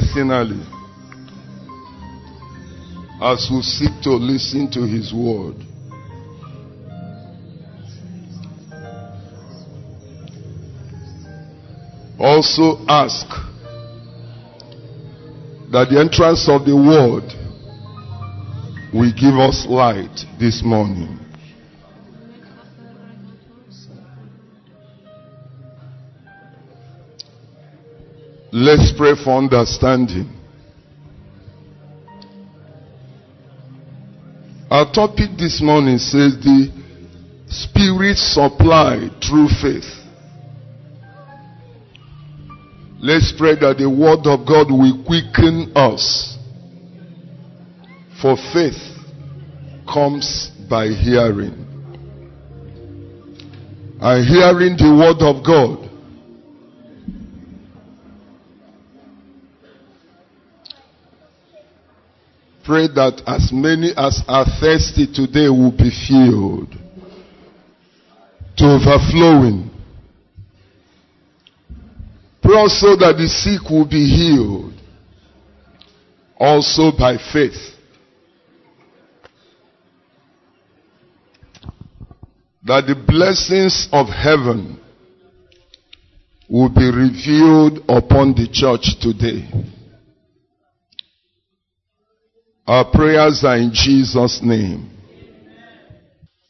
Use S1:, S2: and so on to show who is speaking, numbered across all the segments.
S1: personally as we seek to listen to His word. Also ask that the entrance of the word will give us light this morning. Let's pray for understanding. Our topic this morning says the Spirit supply through faith. Let's pray that the Word of God will quicken us. For faith comes by hearing. And hearing the Word of God pray that as many as are thirsty today will be filled to overflowing. Pray also that the sick will be healed, also by faith. That the blessings of heaven will be revealed upon the church today. Our prayers are in Jesus' name.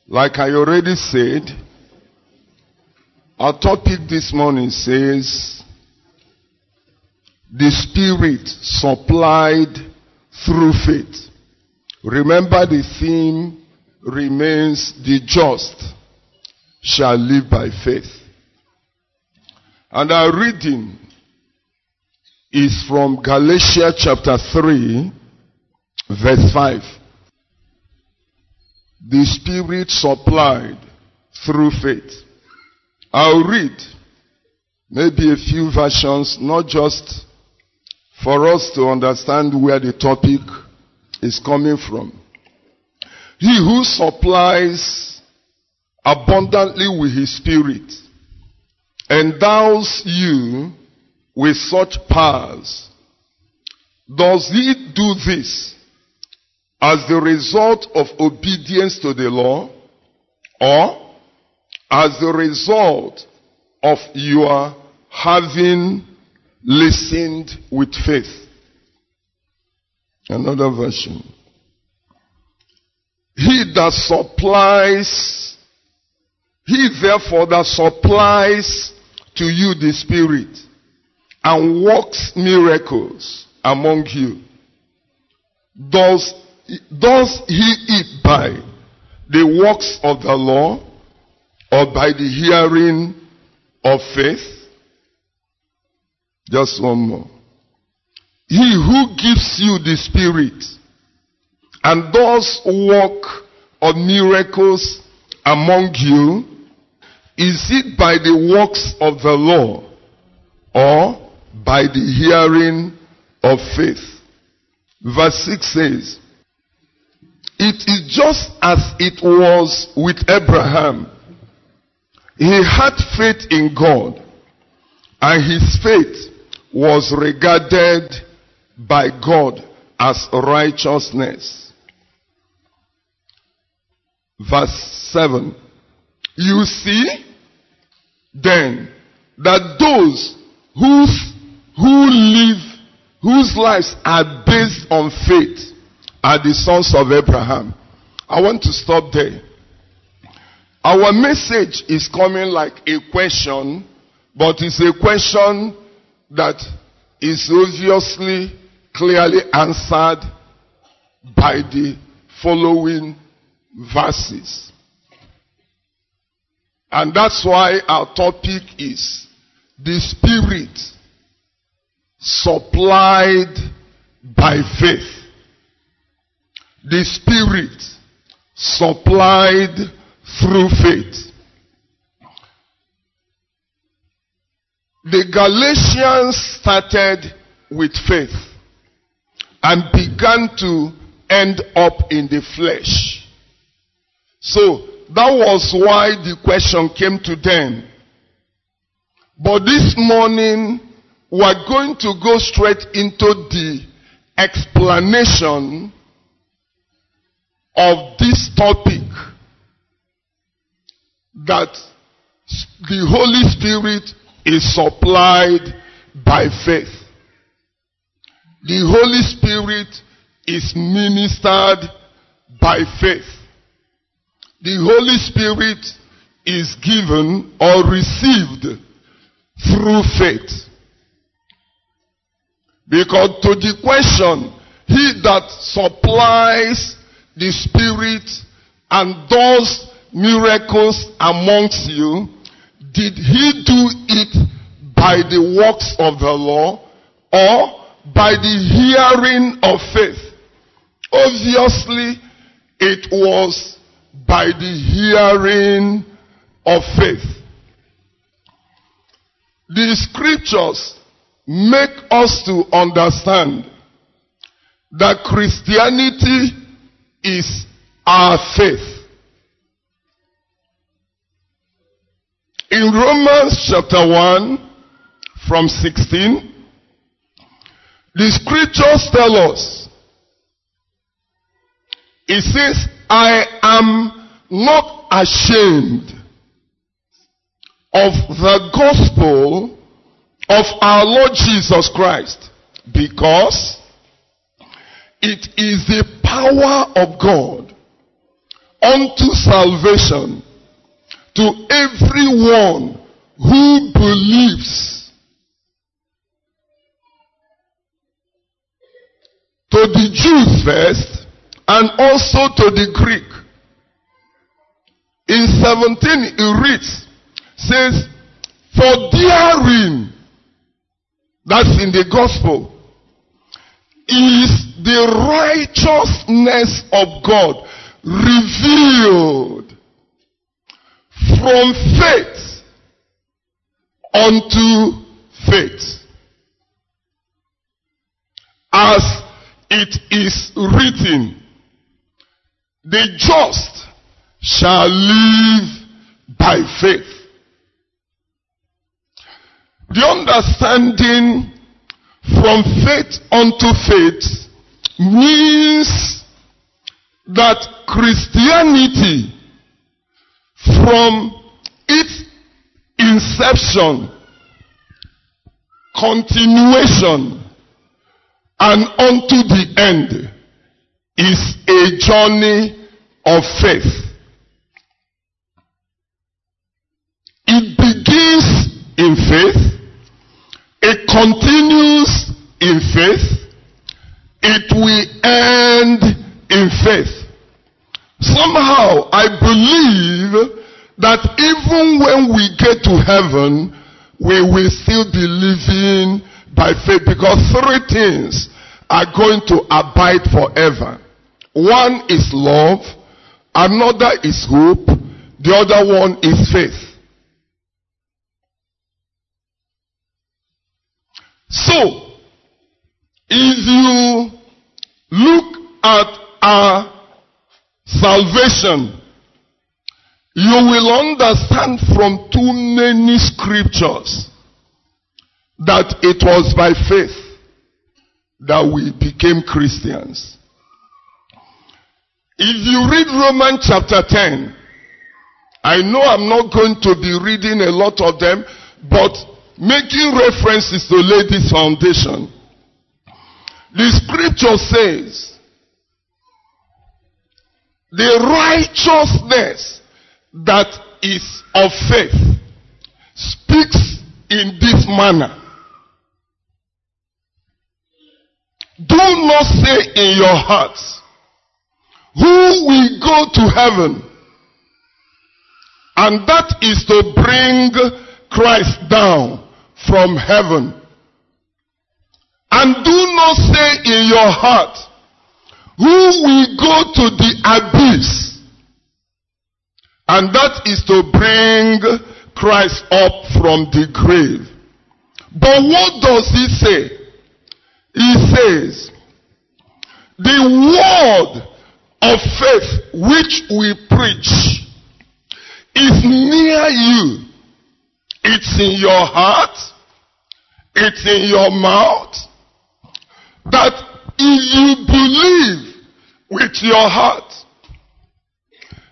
S1: Like I already said, our topic this morning says, The Spirit supplied through faith. Remember the theme remains the just shall live by faith. And our reading is from Galatia chapter 3 Verse 5. The Spirit supplied through faith. I'll read maybe a few versions, not just for us to understand where the topic is coming from. He who supplies abundantly with his spirit endows you with such powers. Does he do this as the result of obedience to the law or as the result of your having listened with faith. Another version. He that supplies, he therefore that supplies to you the Spirit and works miracles among you, does does he eat by the works of the law or by the hearing of faith? Just one more. He who gives you the Spirit and does work of miracles among you, is it by the works of the law or by the hearing of faith? Verse 6 says, it is just as it was with Abraham. He had faith in God, and his faith was regarded by God as righteousness. Verse 7. You see then that those whose, who live, whose lives are based on faith are the sons of Abraham. I want to stop there. Our message is coming like a question, but it's a question that is obviously clearly answered by the following verses. And that's why our topic is the Spirit supplied by faith the Spirit supplied through faith. The Galatians started with faith and began to end up in the flesh. So that was why the question came to them. But this morning, we're going to go straight into the explanation of this topic that the Holy Spirit is supplied by faith. The Holy Spirit is ministered by faith. The Holy Spirit is given or received through faith. Because to the question, he that supplies the Spirit and those miracles amongst you, did he do it by the works of the law or by the hearing of faith? Obviously, it was by the hearing of faith. The scriptures make us to understand that Christianity is our faith. In Romans chapter 1, from 16, the scriptures tell us, it says, I am not ashamed of the gospel of our Lord Jesus Christ because it is the power of God unto salvation to everyone who believes. To the Jew first and also to the Greek. In 17 it reads, says, For therein, that's in the gospel, is the righteousness of God revealed from faith unto faith. As it is written, the just shall live by faith. The understanding from faith unto faith means that Christianity from its inception, continuation, and unto the end is a journey of faith. It begins in faith, it continues in faith, it will end in faith. Somehow, I believe that even when we get to heaven, we will still be living by faith because three things are going to abide forever. One is love, another is hope, the other one is faith. So, if you look at our salvation, you will understand from too many scriptures that it was by faith that we became Christians. If you read Romans chapter 10, I know I'm not going to be reading a lot of them, but making references to lay this foundation. The scripture says, the righteousness that is of faith speaks in this manner. Do not say in your hearts, Who will go to heaven? And that is to bring Christ down from heaven and do not say in your heart, Who will go to the abyss? And that is to bring Christ up from the grave. But what does he say? He says, The word of faith which we preach is near you. It's in your heart. It's in your mouth that if you believe with your heart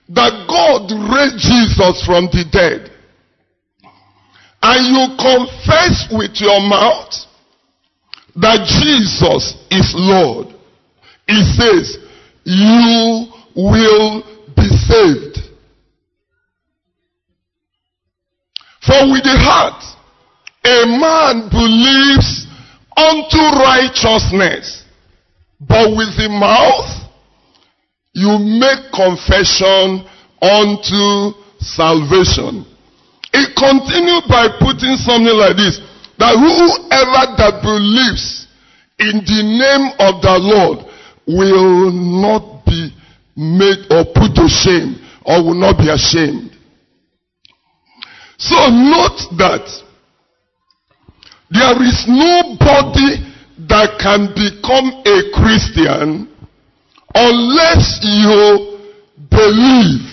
S1: that God raised Jesus from the dead, and you confess with your mouth that Jesus is Lord, He says, you will be saved. For with the heart, a man believes unto righteousness. But with the mouth, you make confession unto salvation. It continued by putting something like this that whoever that believes in the name of the Lord will not be made or put to shame or will not be ashamed. So note that there is nobody that can become a Christian unless you believe.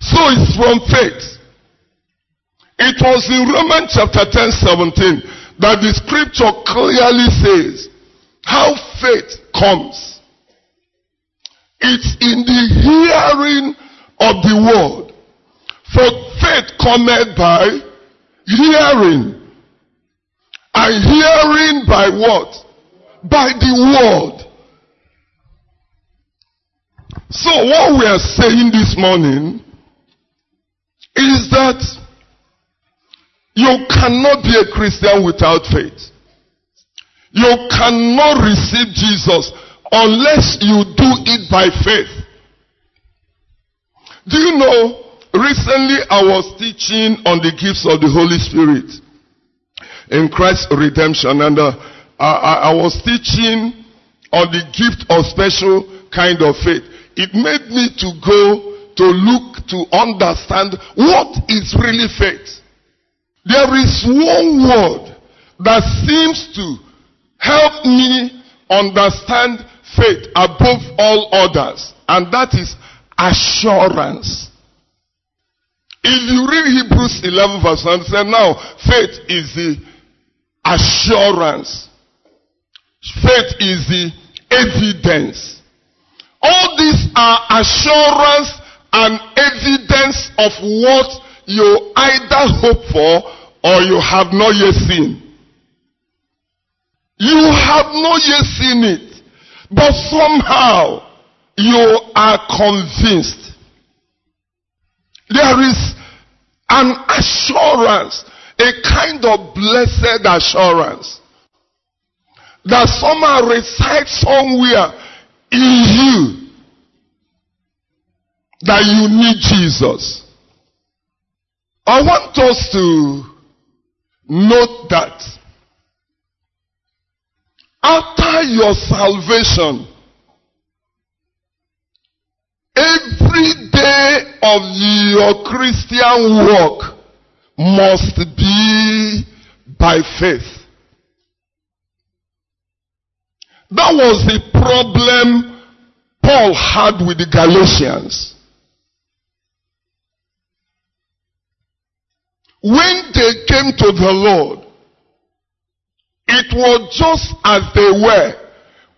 S1: So it's from faith. It was in Romans chapter 10 17 that the scripture clearly says how faith comes. It's in the hearing of the word. For faith cometh by Hearing. And hearing by what? By the word. So, what we are saying this morning is that you cannot be a Christian without faith. You cannot receive Jesus unless you do it by faith. Do you know Recently, I was teaching on the gifts of the Holy Spirit in Christ's redemption, and uh, I, I, was teaching on the gift of special kind of faith. It made me to go to look to understand what is really faith. There is one word that seems to help me understand faith above all others, and that is assurance. If you read Hebrews 11 verse 1, say now faith is the assurance. Faith is the evidence. All these are assurance and evidence of what you either hope for or you have not yet seen. You have not yet seen it, but somehow you are convinced. There is an assurance, a kind of blessed assurance that somehow resides somewhere in you that you need Jesus. I want us to note that after your salvation, every of your Christian walk must be by faith. That was the problem Paul had with the Galatians. When they came to the Lord, it was just as they were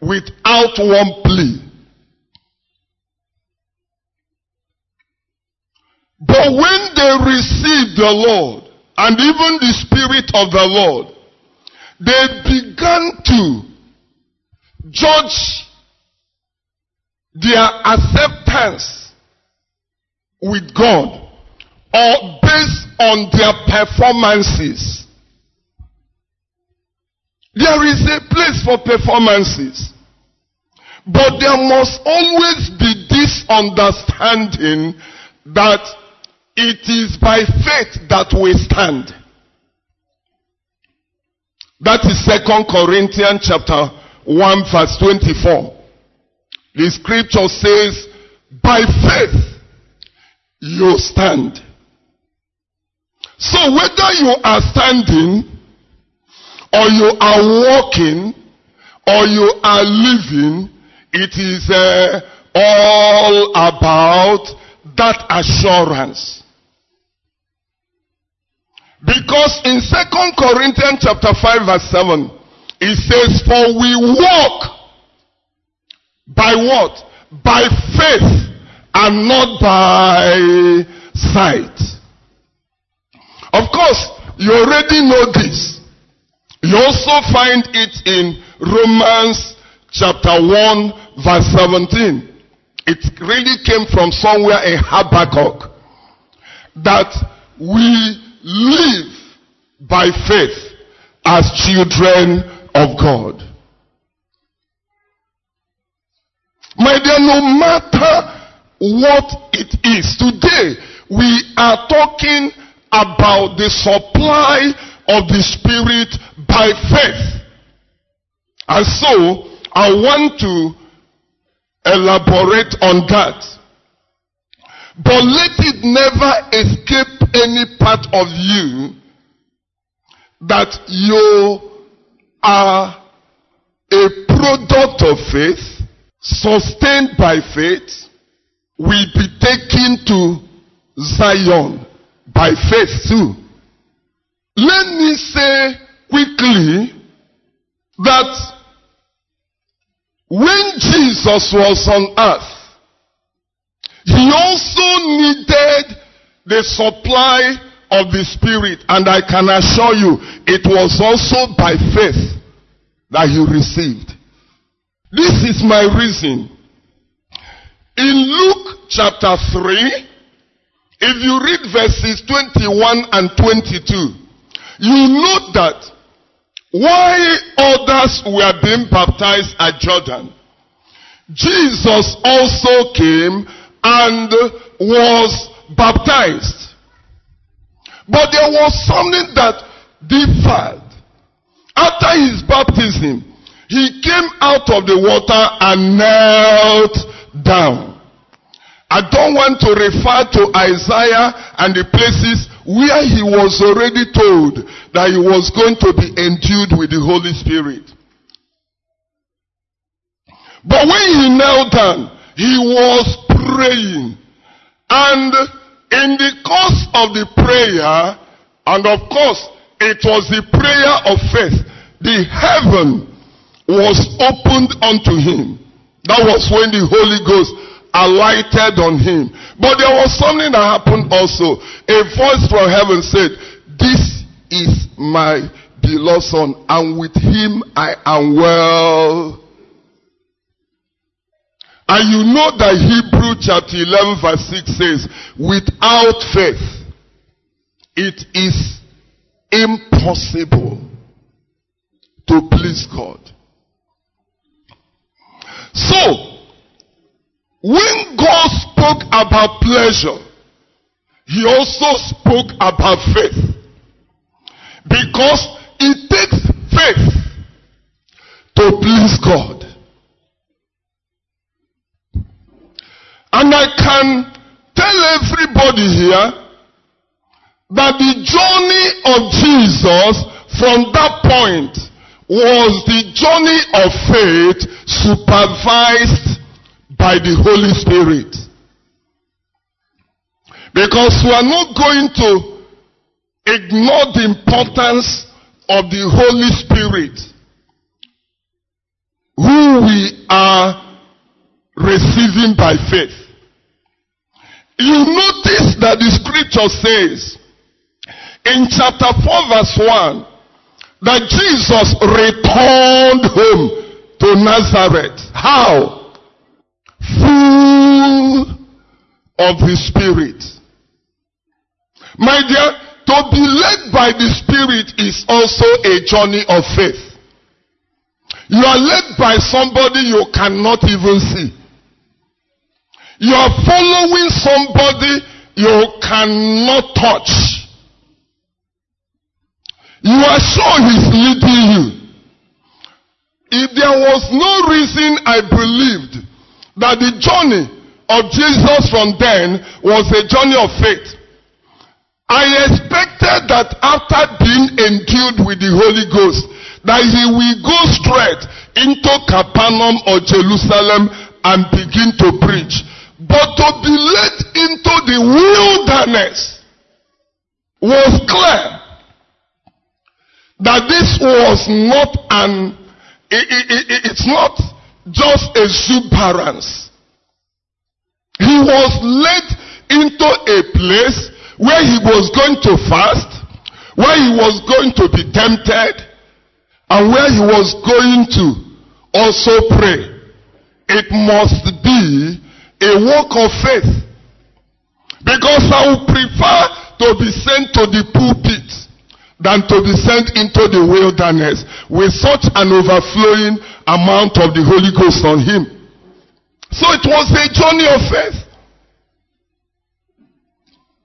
S1: without one plea. But when they received the Lord and even the Spirit of the Lord, they began to judge their acceptance with God or based on their performances. There is a place for performances. But there must always be this understanding that it is by faith that we stand. That is Second Corinthians chapter 1 verse 24. The scripture says, by faith you stand. So whether you are standing or you are walking or you are living, it is uh, all about that assurance because in Second Corinthians chapter 5 verse 7, it says, For we walk by what? By faith and not by sight. Of course, you already know this. You also find it in Romans chapter 1 verse 17. It really came from somewhere in Habakkuk that we live by faith as children of God. My dear, no matter what it is, today we are talking about the supply of the Spirit by faith. And so, I want to elaborate on that. But let it never escape any part of you that you are a product of faith, sustained by faith, will be taken to Zion by faith too. Let me say quickly that when Jesus was on earth, he also needed the supply of the Spirit. And I can assure you, it was also by faith that you received. This is my reason. In Luke chapter 3, if you read verses 21 and 22, you note that while others were being baptized at Jordan, Jesus also came and was baptized. But there was something that differed. After his baptism, he came out of the water and knelt down. I don't want to refer to Isaiah and the places where he was already told that he was going to be endued with the Holy Spirit. But when he knelt down, he was praying. And in the course of the prayer, and of course, it was the prayer of faith, the heaven was opened unto him. That was when the Holy Ghost alighted on him. But there was something that happened also. A voice from heaven said, This is my beloved son, and with him I am well and you know that Hebrew chapter 11 verse 6 says, without faith, it is impossible to please God. So, when God spoke about pleasure, He also spoke about faith. Because it takes faith to please God. And I can tell everybody here that the journey of Jesus from that point was the journey of faith supervised by the Holy Spirit. Because we are not going to ignore the importance of the Holy Spirit who we are receiving by faith. You notice that the scripture says in chapter 4 verse 1 that Jesus returned home to Nazareth. How? Full of the spirit. My dear, to be led by the spirit is also a journey of faith. You are led by somebody you cannot even see. You are following somebody you cannot touch. You are sure he's leading you. If there was no reason I believed that the journey of Jesus from then was a journey of faith, I expected that after being endued with the Holy Ghost, that he will go straight into Capernaum or Jerusalem and begin to preach but to be led into the wilderness was clear that this was not an, it, it, it, it's not just exuberance. He was led into a place where he was going to fast, where he was going to be tempted, and where he was going to also pray. It must be a walk of faith. Because I would prefer to be sent to the pulpit than to be sent into the wilderness with such an overflowing amount of the Holy Ghost on him. So it was a journey of faith.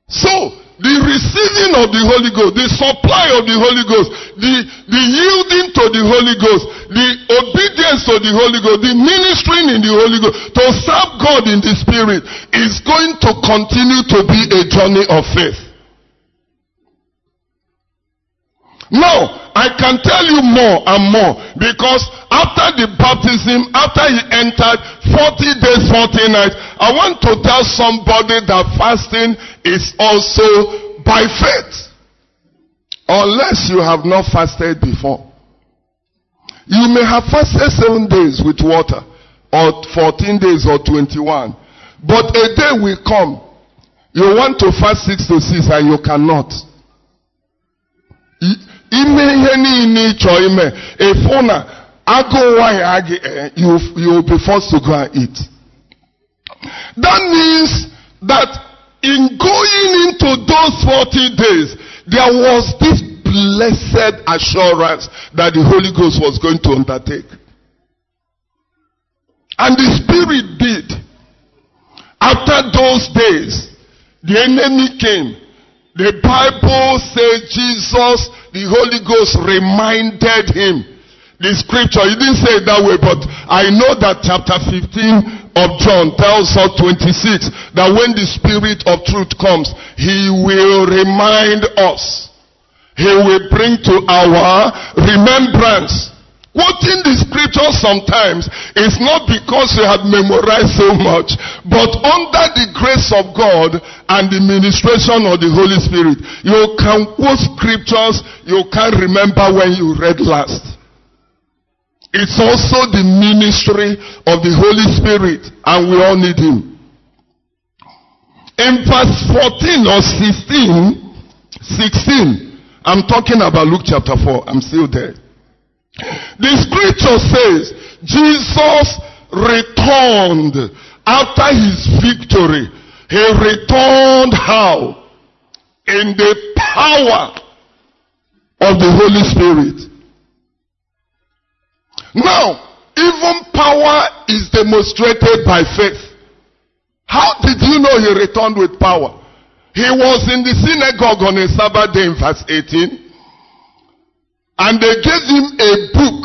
S1: So, the receiving of the Holy Ghost, the supply of the Holy Ghost, the, the yielding to the Holy Ghost, the obedience to the Holy Ghost, the ministering in the Holy Ghost, to serve God in the Spirit is going to continue to be a journey of faith. No, I can tell you more and more because after the baptism, after he entered 40 days, 40 nights, I want to tell somebody that fasting is also by faith. Unless you have not fasted before. You may have fasted seven days with water, or 14 days, or 21. But a day will come. You want to fast six to six and you cannot ime ihe niile ị ime efu na agụụ nwaanyị gị eh, you you be forced to go and eat that means that in going into those forty days there was this blessed assurance that the holy ghost was going to undertake and the spirit did after those days the enemy came the bible says jesus the Holy Ghost reminded him. The scripture, he didn't say it that way, but I know that chapter 15 of John tells us 26 that when the Spirit of truth comes, he will remind us. He will bring to our remembrance Quoting the scriptures sometimes is not because you have memorized so much, but under the grace of God and the ministration of the Holy Spirit, you can quote scriptures you can't remember when you read last. It's also the ministry of the Holy Spirit, and we all need Him. In verse 14 or 16, 16, I'm talking about Luke chapter 4, I'm still there. The scripture says Jesus returned after his victory. He returned how? In the power of the Holy Spirit. Now, even power is demonstrated by faith. How did you know he returned with power? He was in the synagogue on a Sabbath day in verse 18. And they gave him a book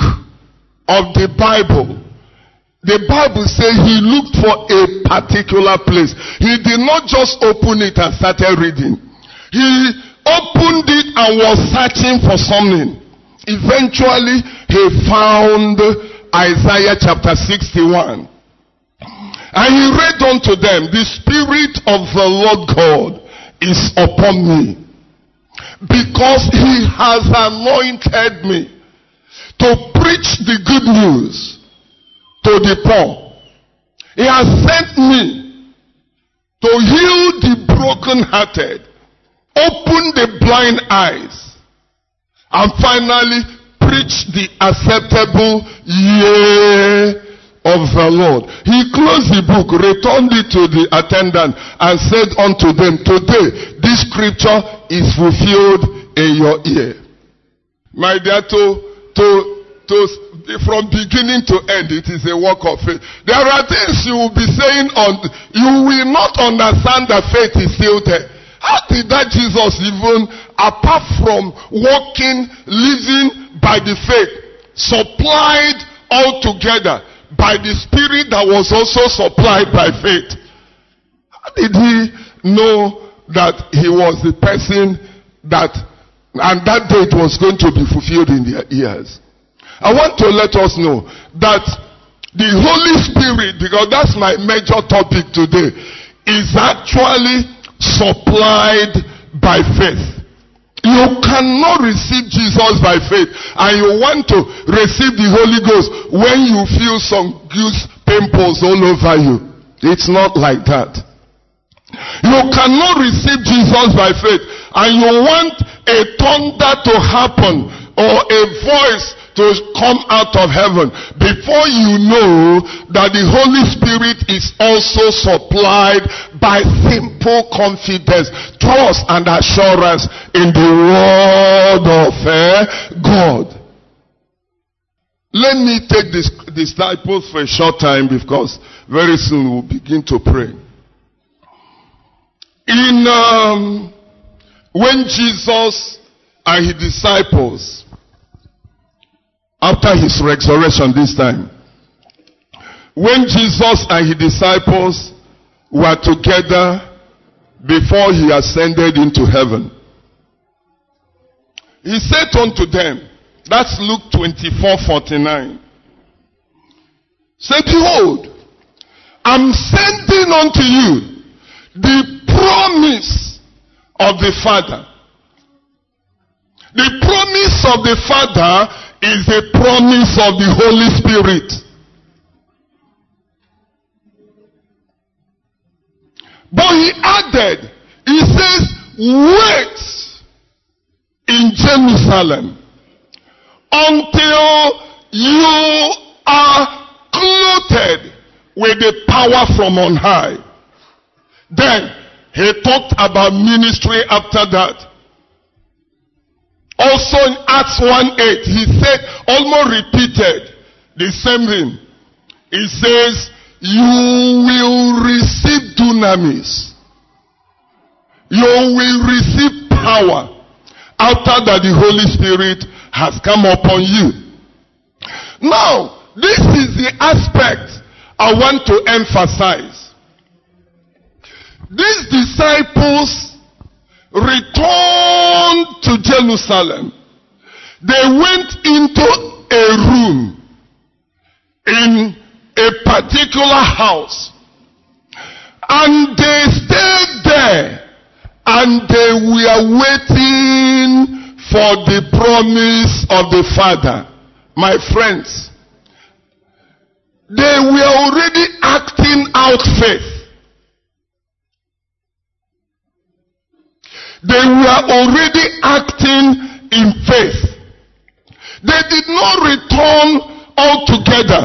S1: of the Bible. The Bible says he looked for a particular place. He did not just open it and started reading. He opened it and was searching for something. Eventually, he found Isaiah chapter 61. And he read unto them, The Spirit of the Lord God is upon me because he has anointed me to preach the good news to the poor. He has sent me to heal the brokenhearted, open the blind eyes, and finally preach the acceptable year of the Lord. He closed the book, returned it to the attendant, and said unto them, Today this scripture is fulfilled in your ear. My dear, to, to, to, from beginning to end, it is a work of faith. There are things you will be saying on, you will not understand that faith is still there. How did that Jesus even, apart from walking, living by the faith, supplied altogether by the Spirit that was also supplied by faith. How did he know that he was the person that, and that date was going to be fulfilled in their ears? I want to let us know that the Holy Spirit, because that's my major topic today, is actually supplied by faith. You cannot receive Jesus by faith and you want to receive the Holy Ghost when you feel some goose pimples all over you. It's not like that. You cannot receive Jesus by faith and you want a thunder to happen or a voice to come out of heaven before you know that the Holy Spirit is also supplied by simple confidence, trust and assurance in the word of eh, God. Let me take this disciples for a short time because very soon we'll begin to pray. In um, when Jesus and his disciples after his resurrection this time. When Jesus and his disciples were together before he ascended into heaven, he said unto them, that's Luke 24 49. Say, Behold, I'm sending unto you the promise of the Father. The promise of the Father is a promise of the Holy Spirit. But he added, he says, wait in Jerusalem until you are clothed with the power from on high. Then he talked about ministry after that. Also in Acts 1:8, he said, almost repeated the same thing. He says, You will receive dunamis. You will receive power after that the Holy Spirit has come upon you. Now, this is the aspect I want to emphasize. These disciples returned to Jerusalem, they went into a room in a particular house and they stayed there and they were waiting for the promise of the Father. My friends, they were already acting out faith. They were already acting in faith. They did not return altogether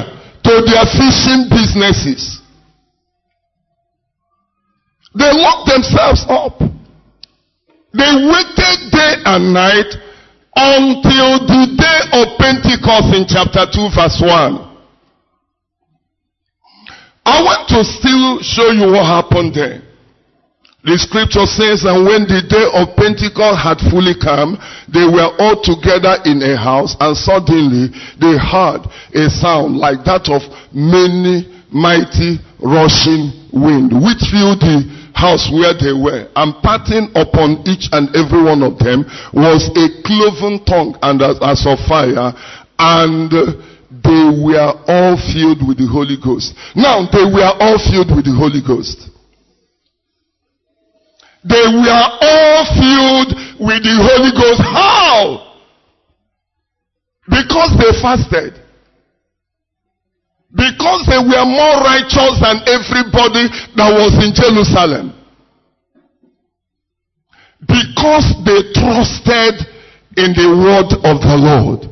S1: to their fishing businesses. They locked themselves up. They waited day and night until the day of Pentecost in chapter 2 verse 1. I want to still show you what happened there. The scripture says, and when the day of Pentecost had fully come, they were all together in a house, and suddenly they heard a sound like that of many mighty rushing wind, which filled the house where they were, and parting upon each and every one of them was a cloven tongue and as, as of fire, and they were all filled with the Holy Ghost. Now, they were all filled with the Holy Ghost. They were all filled with the Holy Ghost. How? Because they fasted. Because they were more righteous than everybody that was in Jerusalem. Because they trusted in the word of the Lord.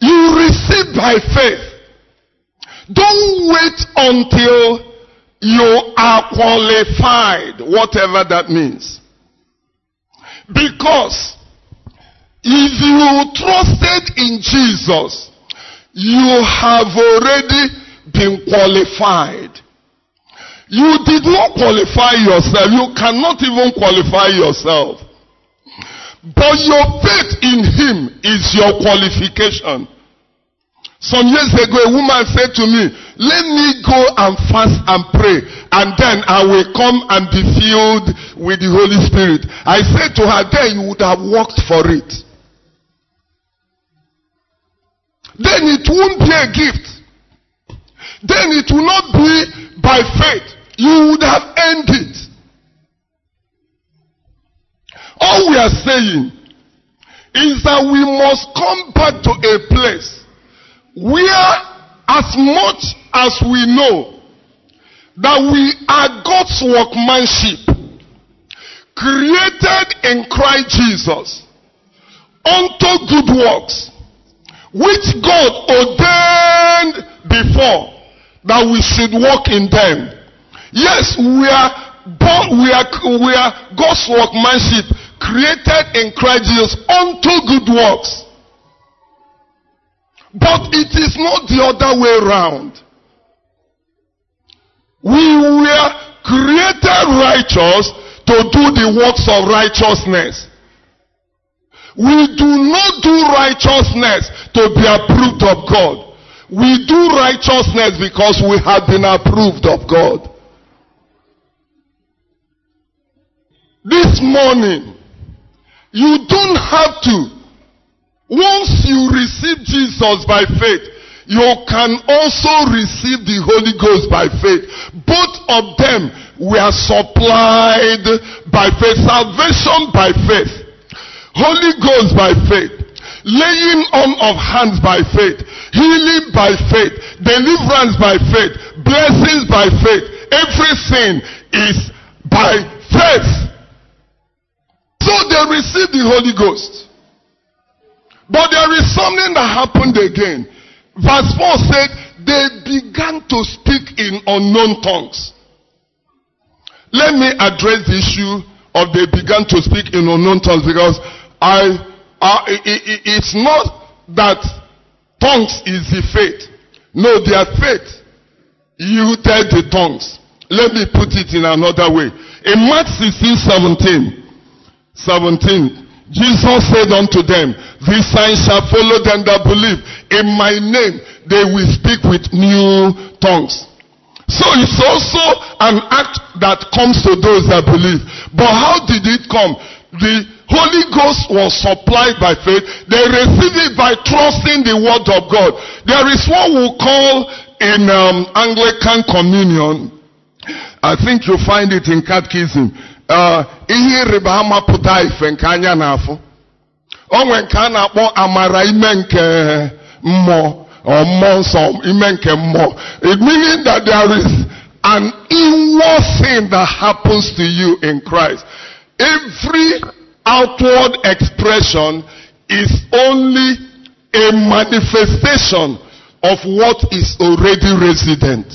S1: You receive by faith. Don't wait until you are qualified, whatever that means. Because if you trusted in Jesus, you have already been qualified. You did not qualify yourself. You cannot even qualify yourself. But your faith in Him is your qualification. Some years ago, a woman said to me, Let me go and fast and pray, and then I will come and be filled with the Holy Spirit. I said to her, Then you would have worked for it. Then it won't be a gift. Then it will not be by faith. You would have earned it. All we are saying is that we must come back to a place where as much as we know that we are God's workmanship, created in Christ Jesus unto good works, which God ordained before that we should walk in them. Yes, we are born, we are, we are God's workmanship created in Christ Jesus unto good works but it is not the other way around. We were created righteous to do the works of righteousness. We do not do righteousness to be approved of God. We do righteousness because we have been approved of God. This morning, you don't have to once you receive Jesus by faith, you can also receive the Holy Ghost by faith. Both of them were supplied by faith. Salvation by faith. Holy Ghost by faith. Laying on of hands by faith. Healing by faith. Deliverance by faith. Blessings by faith. Everything is by faith. So they receive the Holy Ghost. But there is something that happened again. Verse 4 said, they began to speak in unknown tongues. Let me address the issue of they began to speak in unknown tongues because I, I it, it's not that tongues is the faith. No, their faith You tell the tongues. Let me put it in another way. In Mark 16, 17, 17, Jesus said unto them, These signs shall follow them that believe. In my name they will speak with new tongues. So it's also an act that comes to those that believe. But how did it come? The Holy Ghost was supplied by faith. They received it by trusting the word of God. There is what we call in um, Anglican communion. I think you find it in catechism. Uh, ihe ịrịba ama pụta ife nke anya na-afụ o nwere nke a na-akpọ amara ime nke mmụọ or mmụọ nsọ ime nke mmụọ it means that there is an inward thing that happens to you in Christ every outward expression is only a manifestation of what is already resident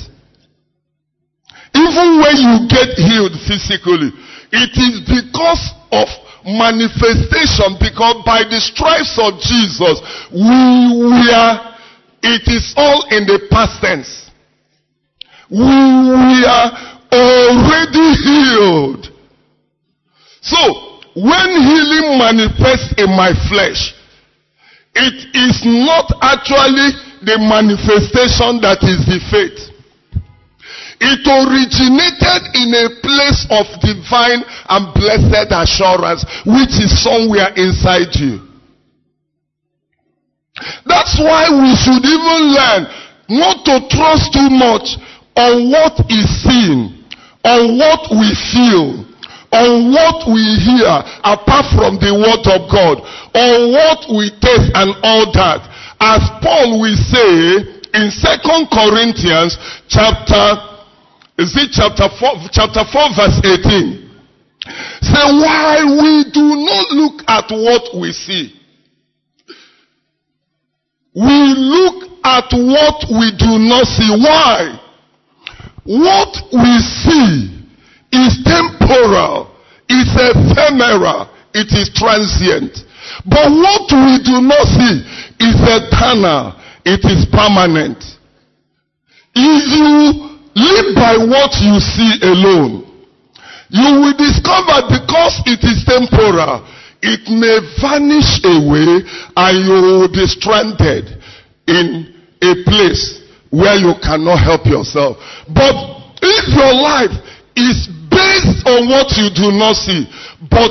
S1: even when you get healed physically it is because of manifestation, because by the stripes of Jesus, we were, it is all in the past tense. We were already healed. So, when healing manifests in my flesh, it is not actually the manifestation that is the faith. It originated in a of divine and blessed assurance, which is somewhere inside you. That's why we should even learn not to trust too much on what is seen, on what we feel, on what we hear apart from the word of God, on what we taste and all that. As Paul will say in Second Corinthians chapter See chapter 4, chapter 4 verse 18. Say, why we do not look at what we see. We look at what we do not see. Why? What we see is temporal, it's ephemeral, it is transient. But what we do not see is eternal, it is permanent. If you Live by what you see alone. You will discover because it is temporal, it may vanish away and you will be stranded in a place where you cannot help yourself. But if your life is based on what you do not see, but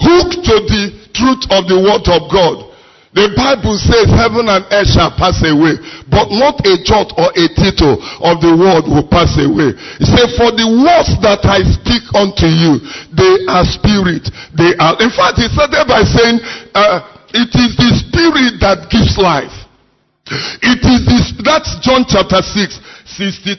S1: hooked to the truth of the word of God, the Bible says heaven and earth shall pass away, but not a jot or a tittle of the word will pass away. He said, for the words that I speak unto you, they are spirit. They are, in fact, he started by saying, uh, it is the spirit that gives life. It is this, that's John chapter 6. 62,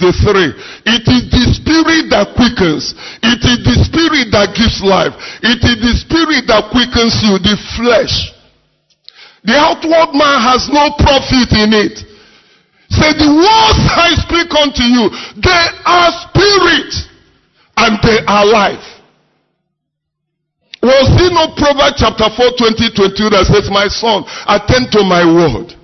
S1: 63. It is the spirit that quickens. It is the spirit that gives life. It is the spirit that quickens you. The flesh the outward man has no profit in it. Say, the words I speak unto you, they are spirit and they are life. Was well, he no Proverbs chapter 4, 20, 22 that says, My son, attend to my word.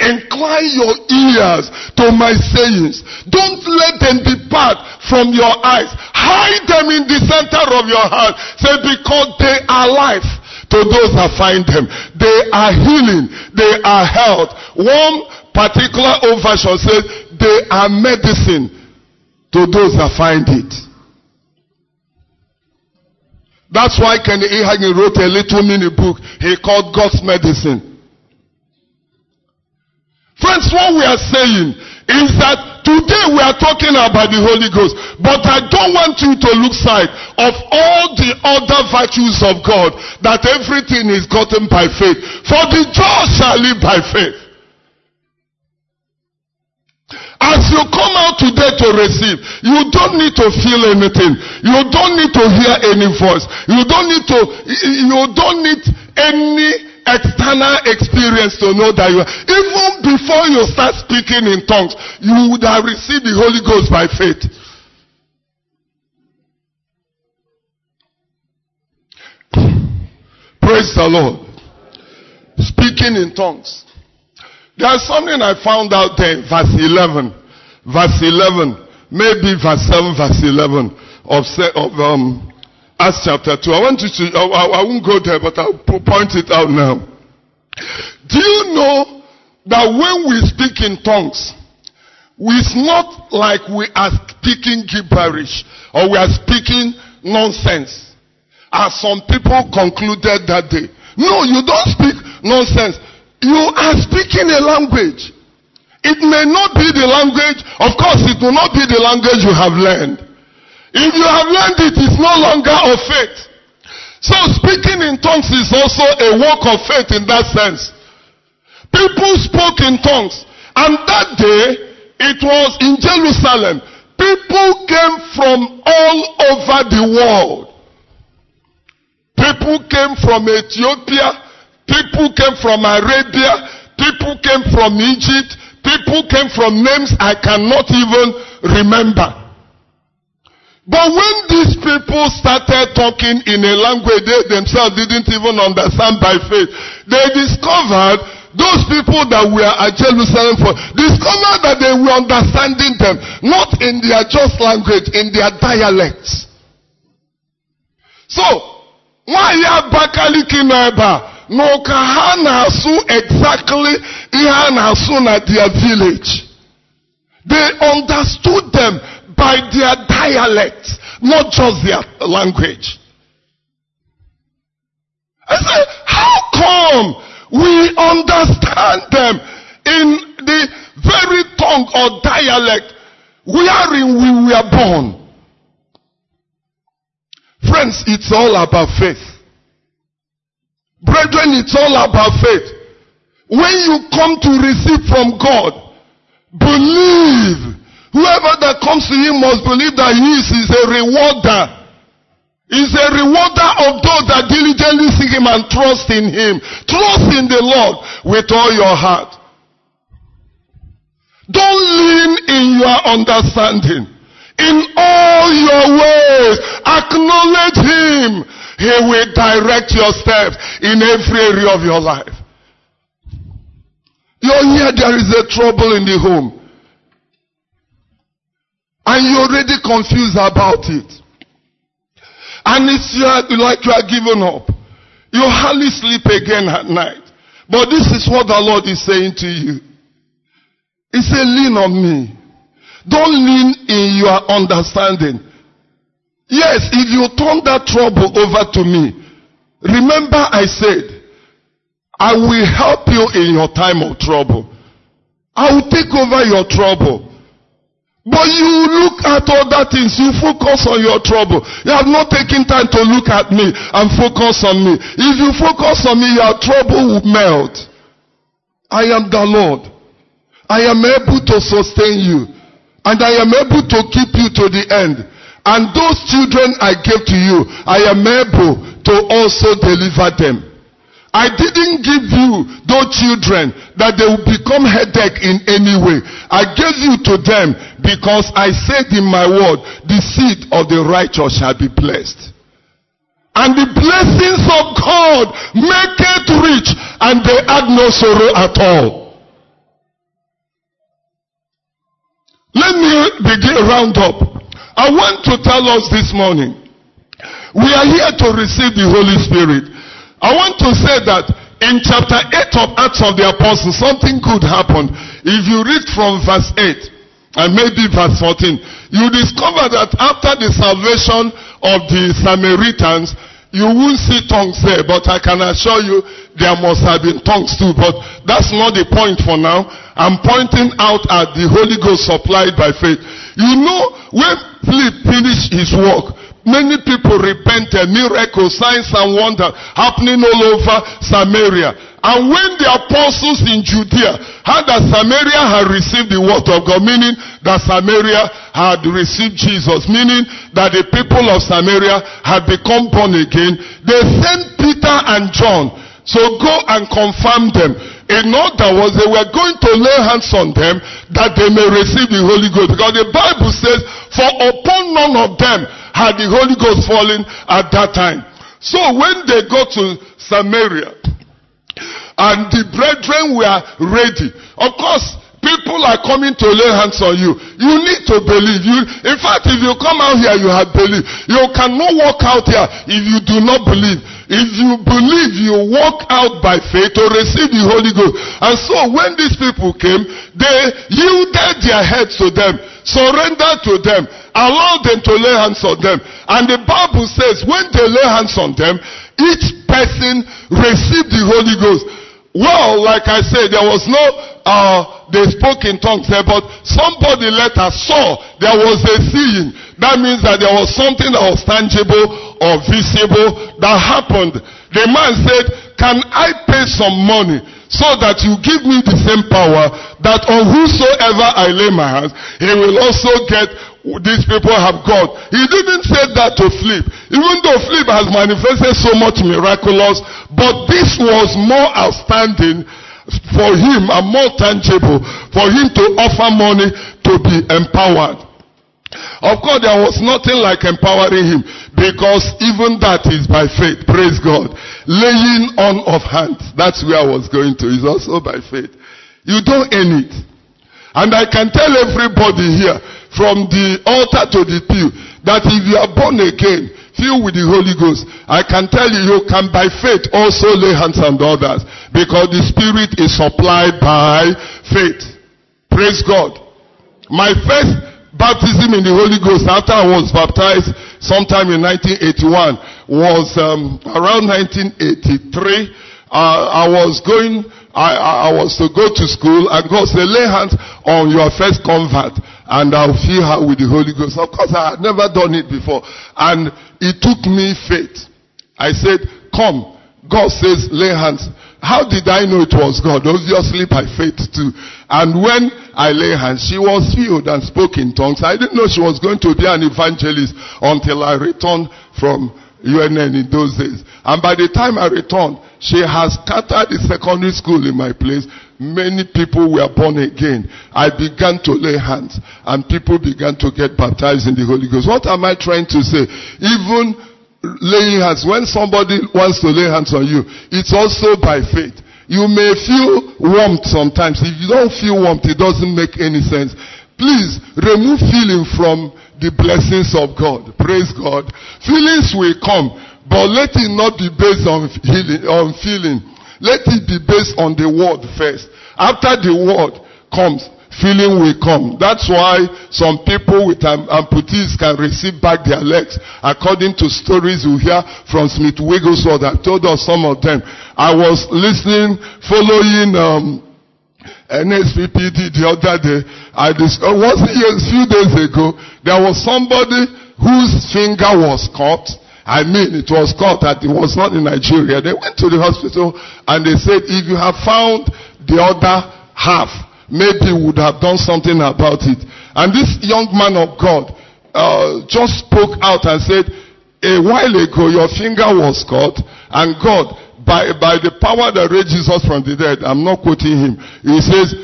S1: Incline your ears to my sayings. Don't let them depart from your eyes. Hide them in the center of your heart. Say, because they are life to those that find them. They are healing. They are health. One particular old version says they are medicine to those that find it. That's why Kenny E. wrote a little mini book he called God's Medicine. Friends, what we are saying is that today we are talking about the Holy Ghost, but I don't want you to lose sight of all the other virtues of God, that everything is gotten by faith. For the just shall live by faith. As you come out today to receive, you don't need to feel anything. You don't need to hear any voice. You don't need to, you don't need any external experience to know that you are. Even before you start speaking in tongues, you would have received the Holy Ghost by faith. Praise the Lord. Speaking in tongues. There's something I found out there, verse 11. Verse 11. Maybe verse 7, verse 11 of, of um, Acts chapter 2. I want you to, I, I won't go there, but I'll point it out now. Do you know that when we speak in tongues, it's not like we are speaking gibberish or we are speaking nonsense, as some people concluded that day. No, you don't speak nonsense. You are speaking a language. It may not be the language, of course, it will not be the language you have learned. If you have learned it, it's no longer of faith. So speaking in tongues is also a work of faith in that sense. People spoke in tongues. And that day, it was in Jerusalem. People came from all over the world. People came from Ethiopia. People came from Arabia. People came from Egypt. People came from names I cannot even remember. But when these people started talking in a language they themselves didn't even understand by faith, they discovered those people that were at Jerusalem for, discovered that they were understanding them, not in their just language, in their dialects. So, why Bakali Kinaba? No Kahana Su exactly Ihana Su na their village. They understood them by their dialect, not just their language. I said, how come we understand them in the very tongue or dialect wherein we were born? Friends, it's all about faith. Brethren, it's all about faith. When you come to receive from God, believe Whoever that comes to him must believe that he is, is a rewarder. He's a rewarder of those that diligently seek him and trust in him. Trust in the Lord with all your heart. Don't lean in your understanding. In all your ways, acknowledge him. He will direct your steps in every area of your life. You're here, there is a trouble in the home. And you're already confused about it. And it's like you are giving up. You hardly sleep again at night. But this is what the Lord is saying to you. He said, lean on me. Don't lean in your understanding. Yes, if you turn that trouble over to me, remember I said, I will help you in your time of trouble. I will take over your trouble. But you look at other things. You focus on your trouble. You have not taken time to look at me and focus on me. If you focus on me, your trouble will melt. I am the Lord. I am able to sustain you. And I am able to keep you to the end. And those children I gave to you, I am able to also deliver them. I didn't give you those children that they will become headache in any way. I gave you to them because I said in my word, the seed of the righteous shall be blessed. And the blessings of God make it rich and they add no sorrow at all. Let me begin round up. I want to tell us this morning, we are here to receive the Holy Spirit. I want to say that in chapter 8 of Acts of the Apostles, something could happen. If you read from verse 8 and maybe verse 14, you discover that after the salvation of the Samaritans, you won't see tongues there, but I can assure you there must have been tongues too. But that's not the point for now. I'm pointing out at the Holy Ghost supplied by faith. You know, when Philip finished his work, Many people repented, miracles, signs and wonders happening all over Samaria. And when the apostles in Judea heard that Samaria had received the word of God, meaning that Samaria had received Jesus, meaning that the people of Samaria had become born again, they sent Peter and John. So go and confirm them. In other words, they were going to lay hands on them that they may receive the Holy Ghost. Because the Bible says, For upon none of them had the Holy Ghost fallen at that time. So when they go to Samaria, and the brethren were ready, of course, people are coming to lay hands on you. You need to believe. You, in fact, if you come out here, you have believe. You cannot walk out here if you do not believe. If you believe, you walk out by faith to receive the Holy Ghost. And so when these people came, they yielded their heads to them, surrendered to them, allow them to lay hands on them. And the Bible says when they lay hands on them, each person received the Holy Ghost. Well, like I said, there was no, uh, they spoke in tongues there, but somebody later saw there was a seeing. That means that there was something that was tangible or visible that happened. The man said, can I pay some money? so that you give me the same power that on whosoever I lay my hands, he will also get these people have got. He didn't say that to Philip, even though Philip has manifested so much miraculous, but this was more outstanding for him and more tangible for him to offer money to be empowered. Of course, there was nothing like empowering him because even that is by faith. Praise God. Laying on of hands. That's where I was going to. It's also by faith. You don't earn it. And I can tell everybody here from the altar to the pew that if you are born again, filled with the Holy Ghost, I can tell you, you can by faith also lay hands on others because the Spirit is supplied by faith. Praise God. My first baptism in the Holy Ghost after I was baptized sometime in 1981 was um, around 1983. Uh, I was going, I, I, was to go to school and God said, lay hands on your first convert and I'll fill her with the Holy Ghost. Of course, I had never done it before. And it took me faith. I said, come. God says, lay hands. How did I know it was God? Obviously by faith too. And when I lay hands, she was healed and spoke in tongues. I didn't know she was going to be an evangelist until I returned from UNN in those days. And by the time I returned, she has scattered the secondary school in my place. Many people were born again. I began to lay hands and people began to get baptized in the Holy Ghost. What am I trying to say? Even laying hands, when somebody wants to lay hands on you, it's also by faith. You may feel warmth sometimes. If you don't feel warmth, it doesn't make any sense. Please remove feeling from the blessings of God. Praise God. Feelings will come, but let it not be based on, healing, on feeling. Let it be based on the word first. After the word comes, Feeling will come. That's why some people with amputees can receive back their legs. According to stories you hear from Smith Wigglesworth, I told us some of them. I was listening, following, um, NSPPD the other day, I uh, was a few days ago, there was somebody whose finger was cut. I mean, it was cut that it was not in Nigeria. They went to the hospital and they said, if you have found the other half, maybe would have done something about it. And this young man of God uh, just spoke out and said, A while ago, your finger was cut, and God, by, by the power that raised Jesus from the dead, I'm not quoting him, he says,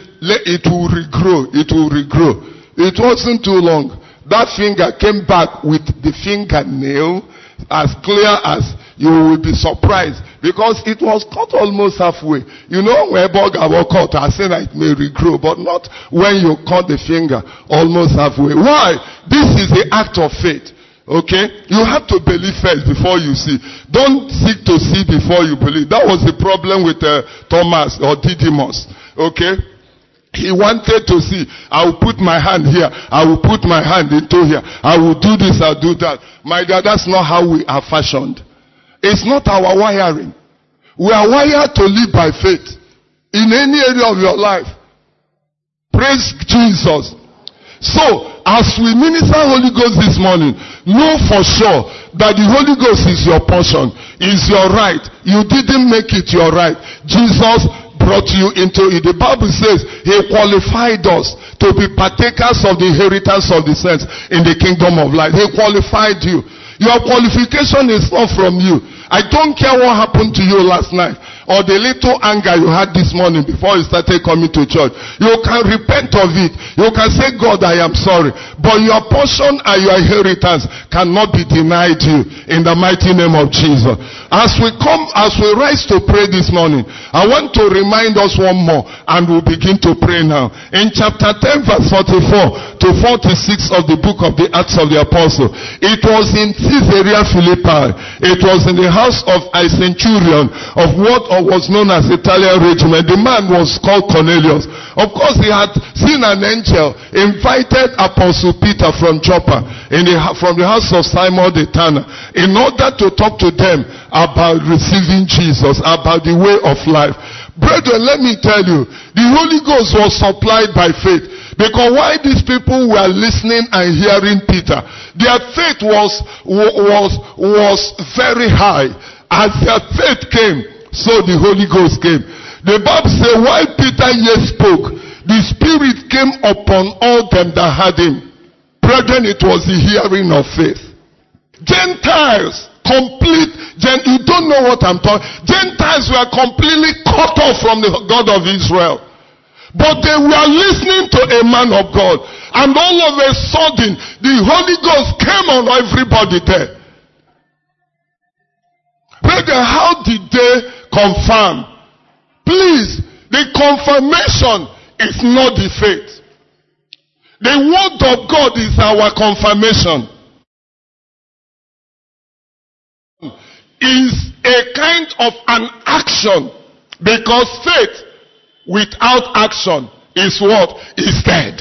S1: It will regrow, it will regrow. It wasn't too long. That finger came back with the fingernail as clear as you will be surprised because it was cut almost halfway. You know where bug was cut, I say that it may regrow, but not when you cut the finger almost halfway. Why? This is the act of faith. Okay? You have to believe first before you see. Don't seek to see before you believe. That was the problem with uh, Thomas or Didymus. Okay? He wanted to see. I will put my hand here. I will put my hand into here. I will do this. I'll do that. My God, that's not how we are fashioned. It's not our wiring. We are wired to live by faith in any area of your life. Praise Jesus. So, as we minister Holy Ghost this morning, know for sure that the Holy Ghost is your portion, is your right. You didn't make it your right. Jesus brought you into it. The Bible says he qualified us to be partakers of the inheritance of the saints in the kingdom of light. He qualified you. Your qualification is not from you. I don't care what happened to you last night or the little anger you had this morning before you started coming to church, you can repent of it. You can say, God, I am sorry. But your portion and your inheritance cannot be denied you in the mighty name of Jesus. As we come, as we rise to pray this morning, I want to remind us one more and we'll begin to pray now. In chapter 10 verse 44 to 46 of the book of the Acts of the Apostle, it was in Caesarea Philippi. It was in the house of a centurion of what or was known as Italian regiment. The man was called Cornelius. Of course, he had seen an angel invited Apostle Peter from Joppa in the, from the house of Simon the Tanner in order to talk to them about receiving Jesus, about the way of life. Brethren, let me tell you, the Holy Ghost was supplied by faith. Because why these people were listening and hearing Peter, their faith was, was, was very high. As their faith came, so the Holy Ghost came. The Bible says, while Peter yet spoke, the Spirit came upon all them that had him. Brethren, it was the hearing of faith. Gentiles, complete, gen- you don't know what I'm talking. Gentiles were completely cut off from the God of Israel. But they were listening to a man of God. And all of a sudden, the Holy Ghost came on everybody there. Brother, how did they confirm. Please, the confirmation is not the faith. The word of God is our confirmation. Is a kind of an action because faith without action is what? Is dead.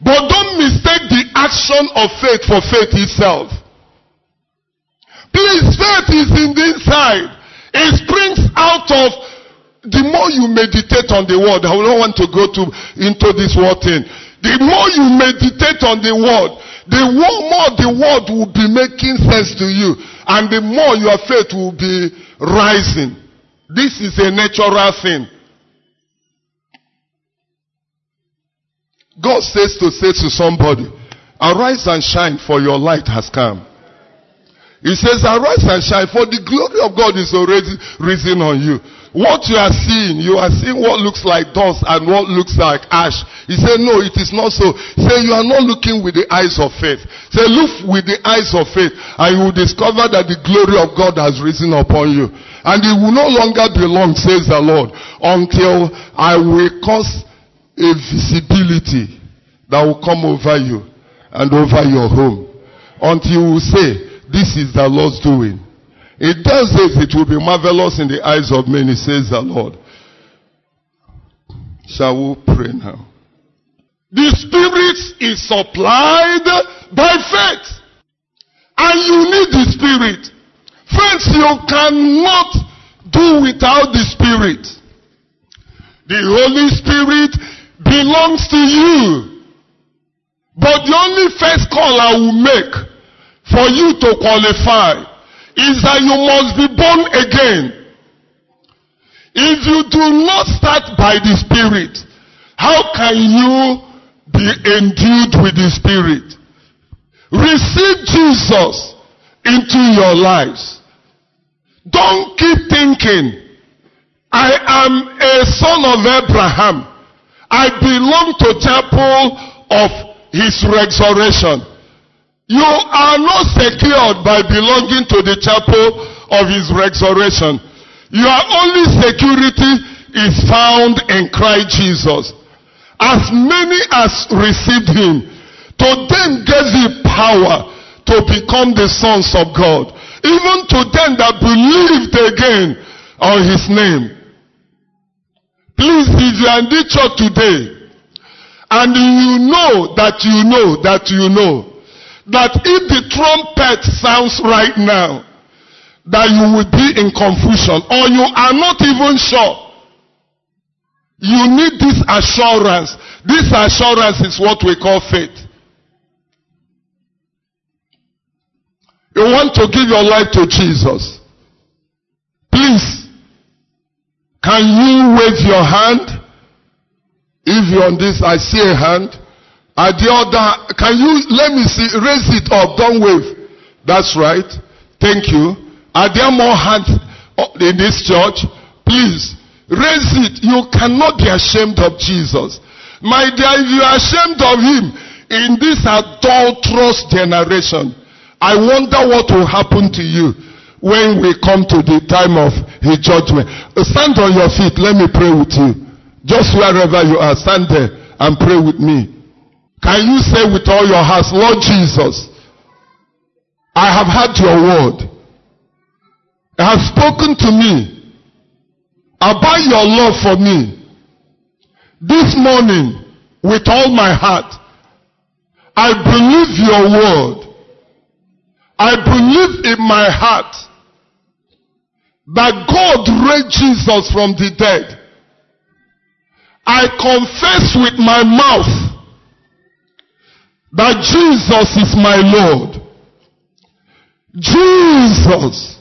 S1: But don't mistake the action of faith for faith itself. His faith is in the inside. It springs out of the more you meditate on the word. I don't want to go to, into this word thing. The more you meditate on the word, the more the word will be making sense to you. And the more your faith will be rising. This is a natural thing. God says to say to somebody, arise and shine for your light has come. He says, arise and shine, for the glory of God is already risen on you. What you are seeing, you are seeing what looks like dust and what looks like ash. He said, no, it is not so. Say you are not looking with the eyes of faith. Say look with the eyes of faith and you will discover that the glory of God has risen upon you. And it will no longer be long, says the Lord, until I will cause a visibility that will come over you and over your home. Until you say, this is the Lord's doing. It does this, it will be marvelous in the eyes of many, says the Lord. Shall we pray now? The Spirit is supplied by faith. And you need the Spirit. Friends, you cannot do without the Spirit. The Holy Spirit belongs to you. But the only first call I will make for you to qualify is that you must be born again. If you do not start by the Spirit, how can you be endued with the Spirit? Receive Jesus into your lives. Don't keep thinking, I am a son of Abraham. I belong to temple of his resurrection. You are not secured by belonging to the chapel of his resurrection. Your only security is found in Christ Jesus. As many as received him, to them gave the power to become the sons of God. Even to them that believed again on his name. Please, if you are in the church today, and you know that you know that you know, that if the trumpet sounds right now, that you will be in confusion or you are not even sure. You need this assurance. This assurance is what we call faith. You want to give your life to Jesus. Please, can you wave your hand? If you're on this, I see a hand. At the other, can you let me see, raise it up, don't wave. That's right. Thank you. Are there more hands uh, in this church? Please raise it. You cannot be ashamed of Jesus. My dear, if you are ashamed of him in this adulterous generation, I wonder what will happen to you when we come to the time of his judgment. Uh, stand on your feet. Let me pray with you. Just wherever you are, stand there and pray with me. Can you say with all your heart, Lord Jesus, I have heard your word. It has spoken to me about your love for me. This morning, with all my heart, I believe your word. I believe in my heart that God raised Jesus from the dead. I confess with my mouth that Jesus is my Lord. Jesus.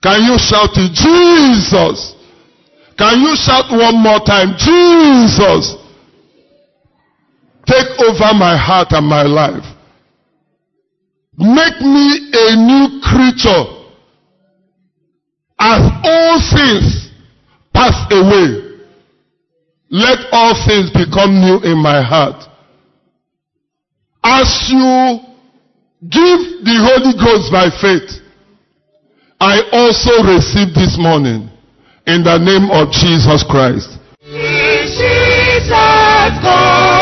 S1: Can you shout it? Jesus. Can you shout one more time? Jesus. Take over my heart and my life. Make me a new creature as all things pass away, let all things become new in my heart. As you give the Holy Ghost by faith, I also received this morning in the name of Jesus Christ.
S2: Jesus